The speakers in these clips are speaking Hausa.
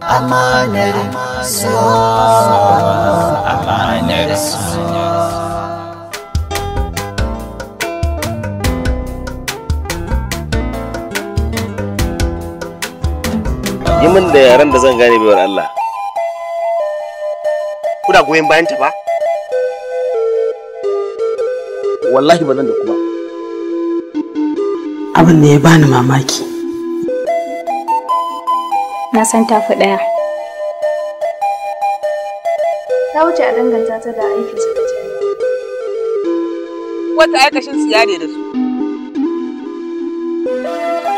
amanar su amanar yi min da yaren da zan gane baiwar Allah kuna goyon bayan ta ba wallahi ba nan da kuma abin da ya bani mamaki na san tafi ɗaya ta wuce a danganta ta da aikin su wata aikashin su yare da su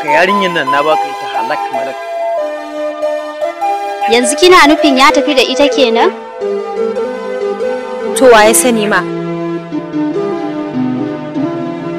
ka yarinyin nan na baka ita halak malak yanzu kina nufin ya tafi da ita kenan to waye sani ma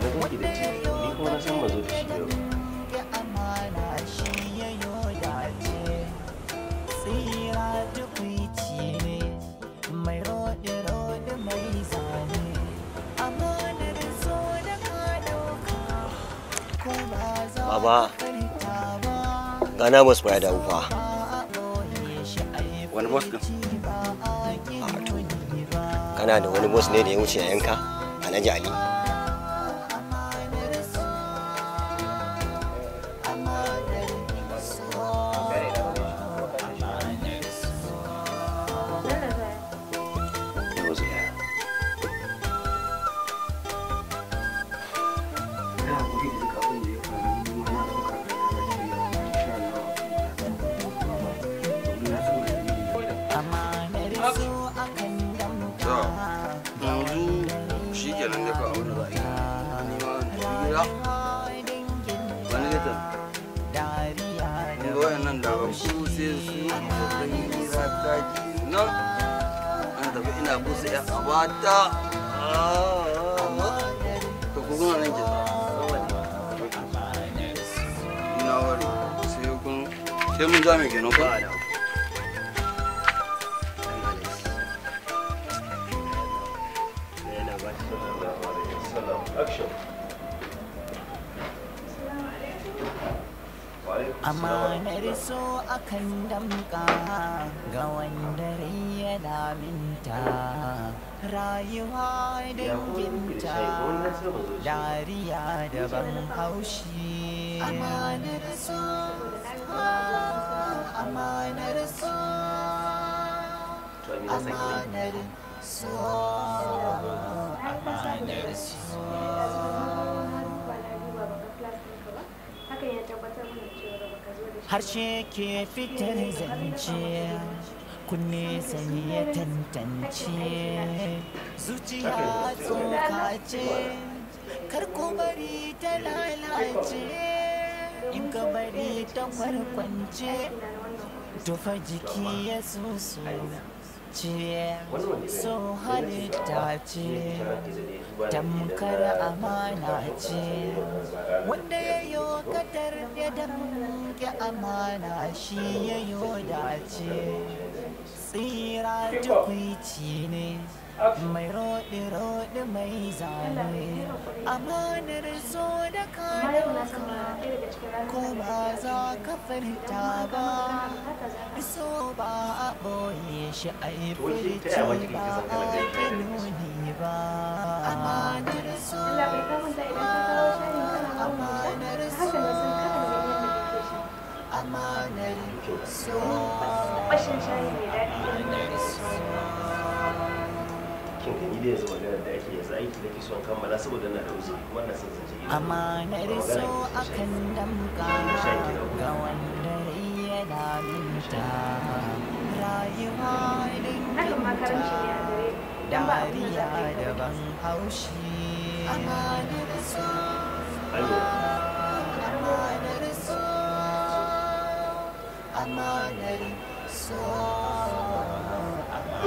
na kuke da ci ni kuma na san ba zo da shi yau Baba, gana bas ba ya dawo fa. Wani bas Kana da wani bas ne da ya wuce a yanka? Alhaji Ali. su ina busa abata sai so akan damka ga wanda ya daminta rayuwa danginta dariya da ban haushi amanar so amanar so amanar so amanar so harshe ke fitar zance kunne sani tantance zuciya tsoka ce kar bari ta lalace in ka bari ta kwarkwance tufa jiki ya susu ce so dace tamkar amana ce wanda ya yi kadar ya damke amana shi ya yi dace tsira duk ne mai roɗe-roɗe mai zane amanar zo da ka ko ba za ka furta ba so ba a boye shi a yi furci ba a yi nuni ba amanar zo amanar zo amanar so amanar so kin gani da yanzu magana da ake yanzu aiki akan damka ga wanda ya laluta rayuwa dariya daban haushi amma na riso amma na riso amma na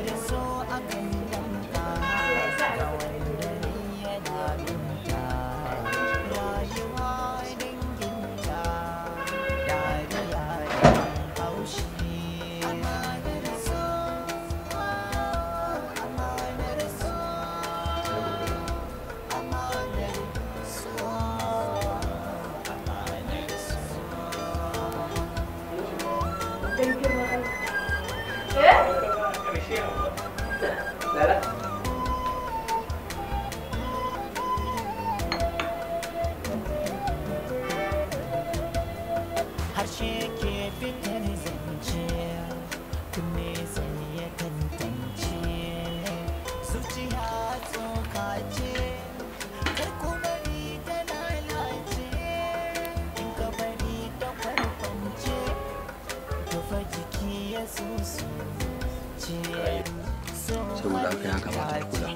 ya kamata da kula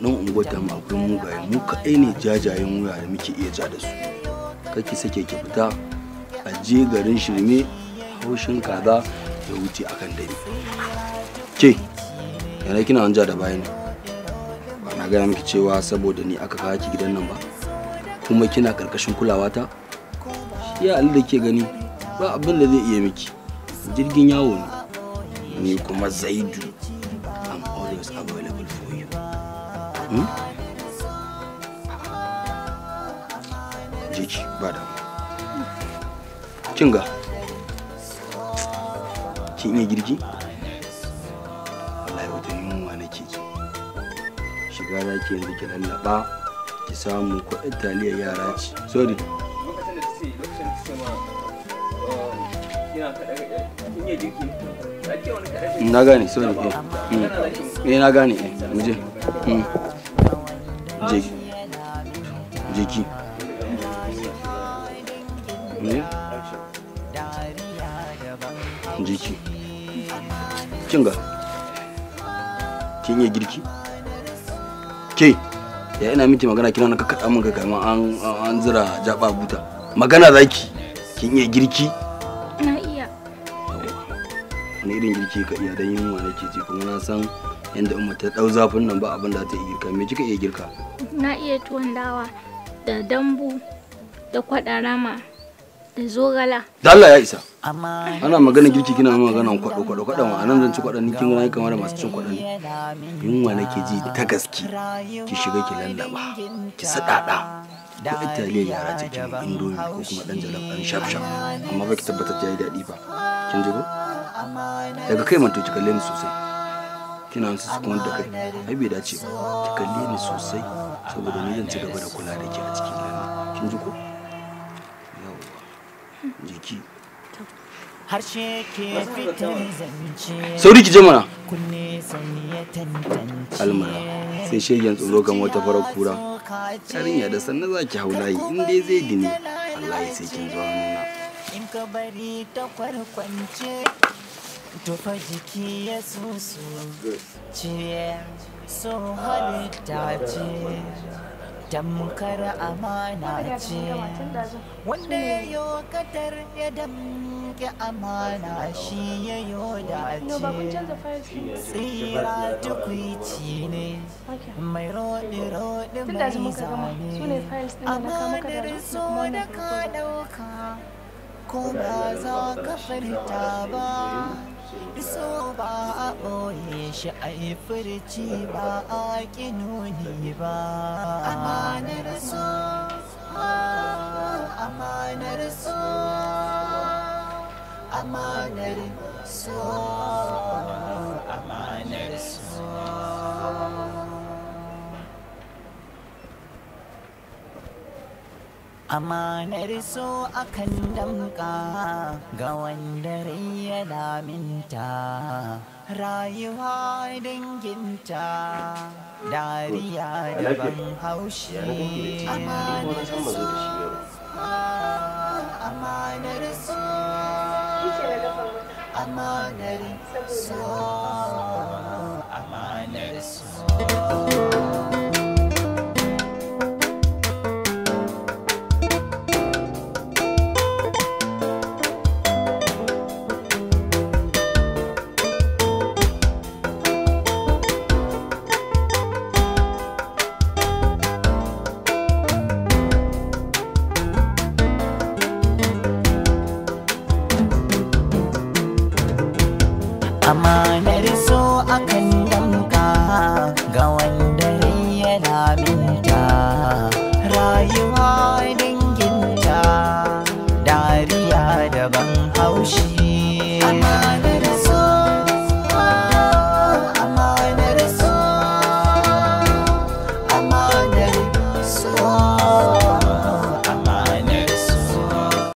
nan unguwar ta mu akwai mugaye mu kaɗai ne jajayen wuya da muke iya ja da su kake sake ki fita a je garin shirme haushin kaza ya wuce akan dare ke yana kina wanja da bayan ba na gaya miki cewa saboda ni aka kawo ki gidan nan ba kuma kina karkashin kulawa ta shi ya da ke gani ba abin da zai iya miki jirgin yawo ne ni kuma zaidu Hmm? jiki ba da kin ga kin iya girki wallahi wata yunwa nake ji shiga za ki yanzu ki lallaba ki samu kuɗin taliyar yara ci sorry lokacin da ce lokacin da ce ma um, na gane sorry hmm. eh na gane eh mu jeki jeki kin ga kin yi girki ke ya ina miki magana kina na kakkaɗa min kai an zira jaba buta magana zaki kin yi girki wani irin girki ka iya dan yunwa nake ji kuma na san yanda umma ta dau zafin nan ba abin da ta yi girka me kika iya girka na iya tuwon dawa da dambu da kwaɗa rama da zogala da Allah ya isa ana magana girki kina magana kwado kwado kwado a nan zan ci ni kin gani kamar masu cin kwaɗon yunwa nake ji ta gaske ki shiga ki lallaba ki sadada ko italiya yara ce ke indomi ko kuma dan jalaf dan shaf shaf amma ba ki tabbatar yayi daɗi ba kin ji ko daga kai manto ki kalle ni sosai kina su su kuma da kai ai bai dace ba ki kalle ni sosai saboda ni zan ci gaba da kula da ke a cikin gani kin ji ko yawwa jiki sauri ki je mana almara sai shegen tsoro kan wata farar kura Yarinya da sannan za ki hau layi in dai zai dini ya sai kin zo nuna. In ka bari ta kwarkwance tufa jiki ya susu ciye so halitta ce. damkar amana ce wanda ya yi wakatar ya damke amana shi ya yi dace tsira tukwici ne mai roɗe-roɗe mai zane amanar so da ka ɗauka ko ba za ka furta ba iso ba a ɓoye shi a yi furci ba a nuni ba amanar so amanar so amanar so amanar so akan damka ga wanda ya daminta. rayuwa danginta dariya ban haushe amanar so amanar so amanar so amanar so